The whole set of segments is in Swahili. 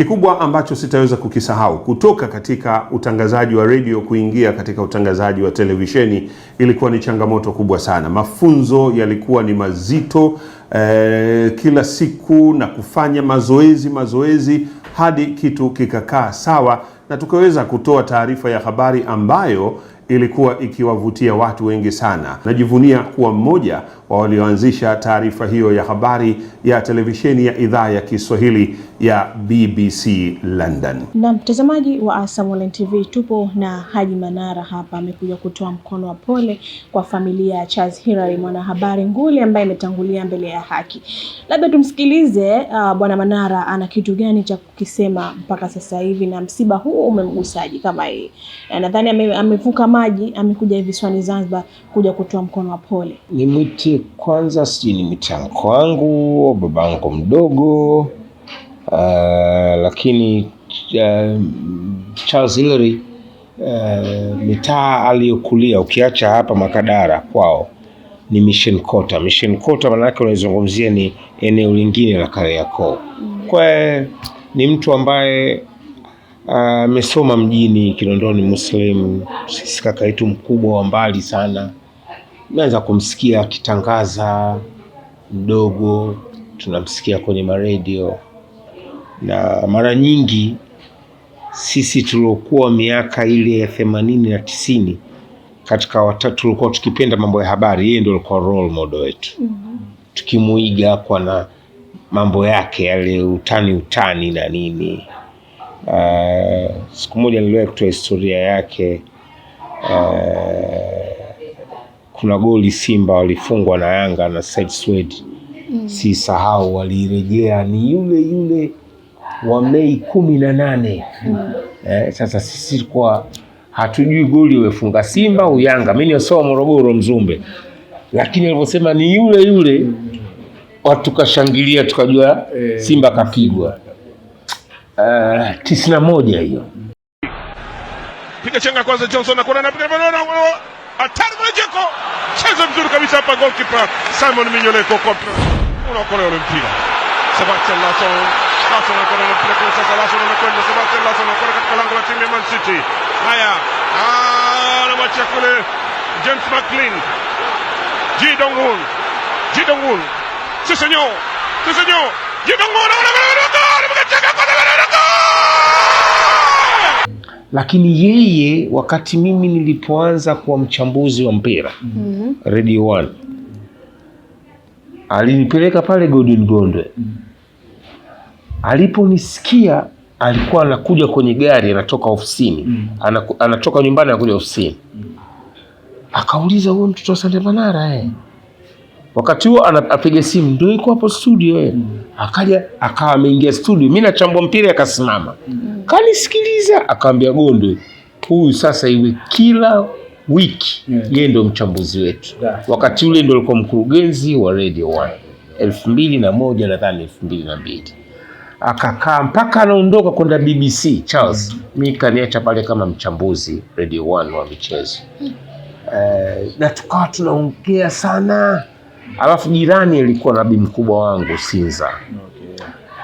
Kikubwa ambacho sitaweza kukisahau kutoka katika utangazaji wa redio kuingia katika utangazaji wa televisheni ilikuwa ni changamoto kubwa sana. Mafunzo yalikuwa ni mazito eh, kila siku na kufanya mazoezi mazoezi hadi kitu kikakaa sawa na tukaweza kutoa taarifa ya habari ambayo ilikuwa ikiwavutia watu wengi sana. Najivunia kuwa mmoja walioanzisha taarifa hiyo ya habari ya televisheni ya idhaa ya Kiswahili ya BBC London. Na mtazamaji wa Asam Online TV, tupo na Haji Manara hapa, amekuja kutoa mkono wa pole kwa familia ya Charles Hilary, mwanahabari nguli ambaye imetangulia mbele ya haki. Labda tumsikilize uh, bwana Manara ana kitu gani cha kukisema mpaka sasa hivi, na msiba huu umemgusaji kama yeye, nadhani amevuka maji, amekuja swani Zanzibar kuja kutoa mkono wa pole. Ni mwiti kwanza sijui ni mitango wangu babangu mdogo uh, lakini uh, Charles Hillary uh, mitaa aliyokulia ukiacha hapa Makadara kwao ni Mission Kota. Mission Kota maana yake unaizungumzia ni eneo lingine la Kariakoo. Kwa ni mtu ambaye amesoma uh, mjini Kinondoni Muslim, sisi kaka yetu mkubwa wa mbali sana Umeanza kumsikia akitangaza mdogo, tunamsikia kwenye maredio, na mara nyingi sisi tuliokuwa miaka ile ya themanini na tisini katika watatu tulikuwa tukipenda mambo ya habari, yeye ndio alikuwa role model wetu mm -hmm. Tukimuiga kwa na mambo yake yale utani utani na nini. Uh, siku moja niliwahi kutoa historia yake uh, kuna goli Simba walifungwa na Yanga na Said Swed mm. si sahau walirejea ni yule yule wa Mei kumi na nane mm. eh, sasa sisi kwa hatujui goli wefunga Simba au Yanga, mimi niosoma Morogoro Mzumbe, lakini alivyosema ni yule yule mm. watu tukajua eh, Simba kapigwa uh, tisini na moja hiyo piga chenga kwanza Johnson anakwenda na hatari mrejeko, mchezo mzuri kabisa hapa, goalkeeper Simon Minyoleko kontra, unaokolewa ule mpira Sebastian Larsson. lango la timu ya Man City. Haya, anamwachia ah, kule James McLean, Ji Dong-hoon, Ji Dong-hoon, si senor, si senor, Ji Dong-hoon lakini yeye wakati mimi nilipoanza kuwa mchambuzi wa mpira mm -hmm. Radio One alinipeleka pale Godwin Gondwe mm -hmm. aliponisikia alikuwa anakuja kwenye gari anatoka ofisini mm -hmm. Anaku, anatoka nyumbani anakuja ofisini mm -hmm. akauliza huyo mtoto wa Sande Manara eh? mm -hmm. Wakati huo anapiga simu, ndio yuko hapo studio yeye. Eh. Akaja akawa ameingia studio, mimi nachambua mpira, akasimama Mm. kanisikiliza, akaambia Gondwe, huyu sasa iwe kila wiki yeye ndio mchambuzi wetu. Yeah. Wakati ule ndio alikuwa mkurugenzi wa Radio One elfu mbili na moja nadhani elfu mbili na mbili akakaa mpaka anaondoka kwenda BBC Charles. mm -hmm. Mi kaniacha pale kama mchambuzi Radio 1 wa michezo. mm -hmm. Uh, na tukawa tunaongea sana alafu jirani alikuwa nabi mkubwa wangu Sinza.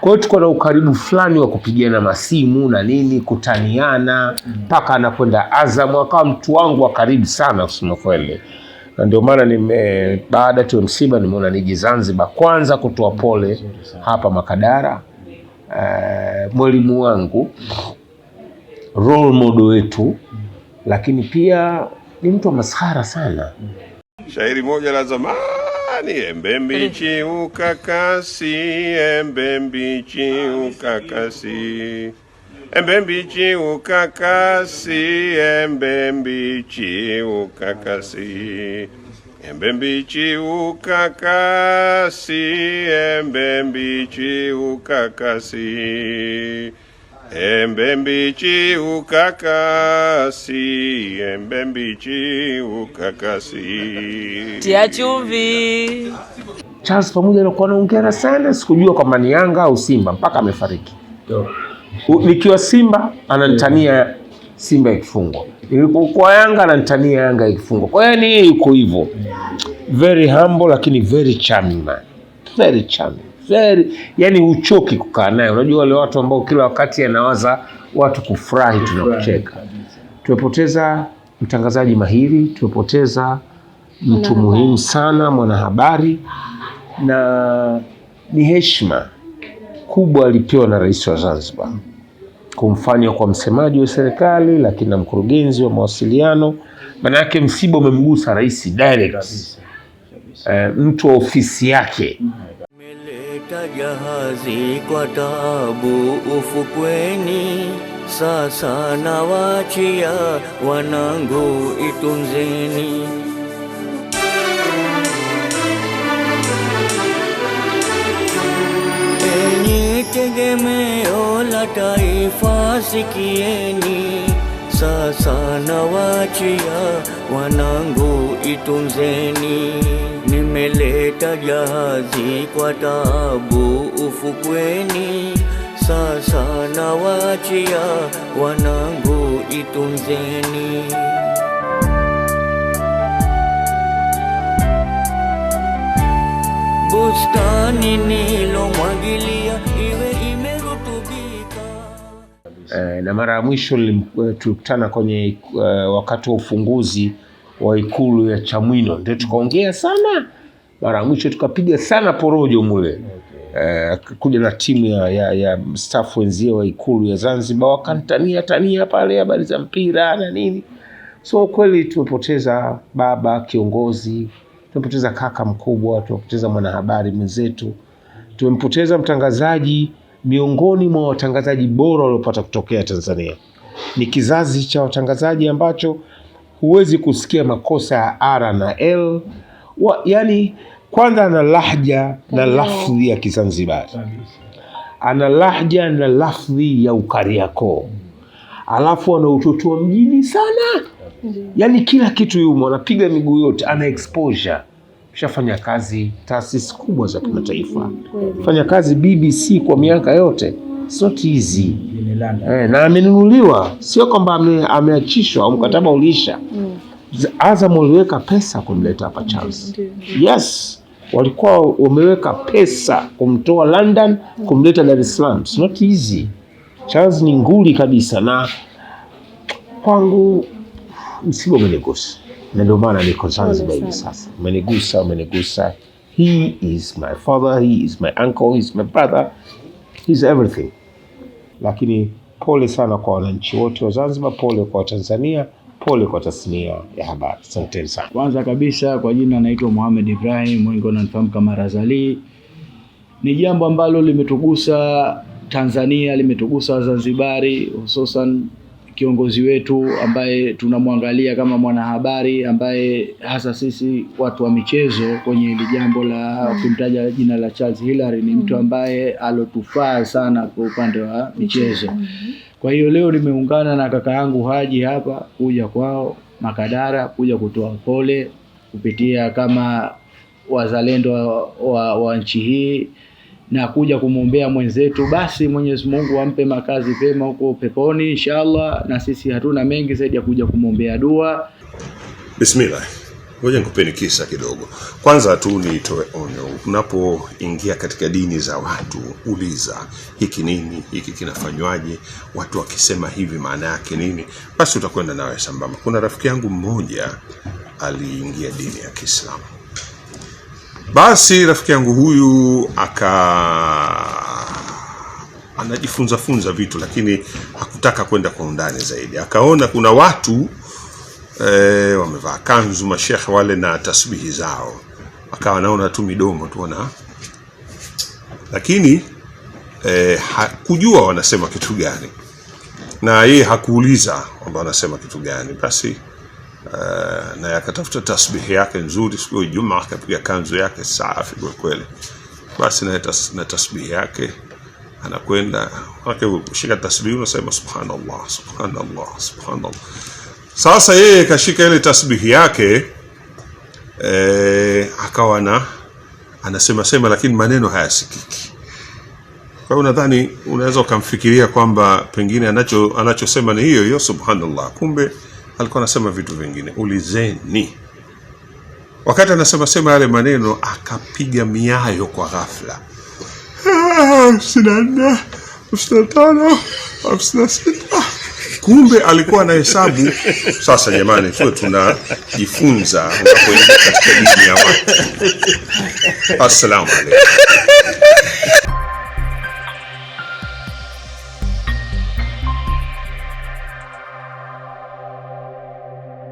Kwa hiyo tuko na ukaribu fulani wa kupigiana masimu na nini, kutaniana mpaka anakwenda Azam, akawa mtu wangu wa karibu sana kusema kweli, na ndio maana nime baada tu msiba nimeona niji Zanzibar kwanza kutoa pole hapa Makadara. Uh, mwalimu wangu role model wetu, lakini pia ni mtu wa masahara sana. Shairi moja la zamani Ani mbembichi ukakasi, mbembichi ukakasi. Mbembichi ukakasi, mbembichi ukakasi. Mbembichi ukakasi, mbembichi ukakasi. Embe mbichi ukakasi, embe mbichi ukakasi, tia chumvi. Charles pamoja na kuwa naongera sana, sikujua kwamba ni Yanga au Simba mpaka amefariki. Nikiwa Simba ananitania Simba ikifungwa, nilipokuwa Yanga ananitania Yanga ikifungwa. Kwa hiyo ni yuko hivyo, very humble lakini very charming man, very charming very, yani uchoki kukaa naye. Unajua wale watu ambao kila wakati anawaza watu kufurahi, tunakucheka. Tumepoteza mtangazaji mahiri, tumepoteza mtu muhimu sana, mwanahabari, na ni heshima kubwa alipewa na Rais wa Zanzibar kumfanya kwa msemaji wa serikali, lakini na mkurugenzi wa mawasiliano. Maana yake msiba umemgusa rais direct, eh, mtu wa ofisi yake mm -hmm. Kata jahazi kwa tabu ufukweni, sasa nawachia wanangu, itunzeni. Enyi tegemeo la taifa, sikieni sasa na wachia wanangu, itunzeni. Nimeleta jahazi kwa taabu ufukweni, sasa na wachia wanangu, itunzeni. Bustani ni na mara ya mwisho eh, tulikutana kwenye uh, wakati wa ufunguzi wa ikulu ya Chamwino, ndio tukaongea sana mara ya mwisho, tukapiga sana porojo mule eh, kuja na timu ya, ya, ya staff wenzie wa ikulu ya Zanzibar wakantania tania pale habari za mpira na nini. So kweli tumepoteza baba kiongozi, tumepoteza kaka mkubwa, tumepoteza mwanahabari mwenzetu, tumempoteza mtangazaji miongoni mwa watangazaji bora waliopata kutokea Tanzania. Ni kizazi cha watangazaji ambacho huwezi kusikia makosa ya R na L wa, yani kwanza ana lahja na lafdhi ya Kizanzibari, ana lahja na lafdhi ya Ukariakoo, alafu ana utoto wa mjini sana, yani kila kitu yumo, anapiga miguu yote, ana exposure Ushafanya kazi taasisi kubwa za kimataifa, mm, mm, mm. fanya kazi BBC kwa miaka yote, sot hizi E, na amenunuliwa, sio kwamba ameachishwa au mkataba uliisha. Azam waliweka pesa kumleta hapa Charles. Yes, walikuwa wameweka pesa kumtoa London kumleta Dar es Salaam. It's not easy. Charles ni nguli kabisa, na kwangu msiba umenigusa na ndio maana niko Zanzibar hivi sasa. Umenigusa, umenigusa. He is my father, he is my uncle, he is my brother, he is everything. Lakini pole sana kwa wananchi wote wa Zanzibar, pole kwa Tanzania, pole kwa tasnia ya habari. Asante sana. Kwanza kabisa, kwa jina naitwa Mohamed Ibrahim, wengi wananifahamu kama Razali. Ni jambo ambalo limetugusa Tanzania, limetugusa Wazanzibari hususan kiongozi wetu ambaye tunamwangalia kama mwanahabari ambaye hasa sisi watu wa michezo kwenye hili jambo la mm. kumtaja jina la Charles Hillary ni mtu mm. ambaye alotufaa sana kwa upande wa michezo. Mm. Kwa hiyo leo nimeungana na kaka yangu Haji hapa kuja kwao Makadara kuja kutoa pole kupitia kama wazalendo wa, wa, wa nchi hii na kuja kumwombea mwenzetu, basi Mwenyezi Mungu ampe makazi pema huko peponi inshallah. Na sisi hatuna mengi zaidi ya kuja kumwombea dua. Bismillah. Ngoja nikupeni kisa kidogo. Kwanza tu nitoe onyo, unapoingia katika dini za watu uliza hiki nini, hiki kinafanywaje, watu wakisema hivi maana yake nini, basi utakwenda nawe sambamba. Kuna rafiki yangu mmoja aliingia dini ya Kiislamu basi rafiki yangu huyu aka anajifunza funza vitu, lakini hakutaka kwenda kwa undani zaidi. Akaona kuna watu e, wamevaa kanzu mashekhe wale na tasbihi zao, akawa naona tu midomo tu lakini e, eh, hakujua wanasema kitu gani, na yeye hakuuliza kwamba wanasema kitu gani basi Eh, na yakatafuta tasbihi yake nzuri siku ya Ijumaa, akapiga kanzu yake safi kwa kweli basi na, tas, na tasbihi yake anakwenda wake kushika tasbihi, unasema subhanallah, subhanallah, subhanallah. Sasa yeye kashika ile tasbihi yake eh, akawa na anasema sema, lakini maneno hayasikiki. Kwa hiyo nadhani unaweza ukamfikiria kwamba pengine anacho anachosema ni hiyo hiyo subhanallah, kumbe alikuwa anasema vitu vingine, ulizeni. Wakati anasema sema yale maneno, akapiga miayo kwa ghafla, Kumbe alikuwa na hesabu. Sasa jamani, tuwe tunajifunza unapoingia katika dini ya watu. Assalamu alaikum.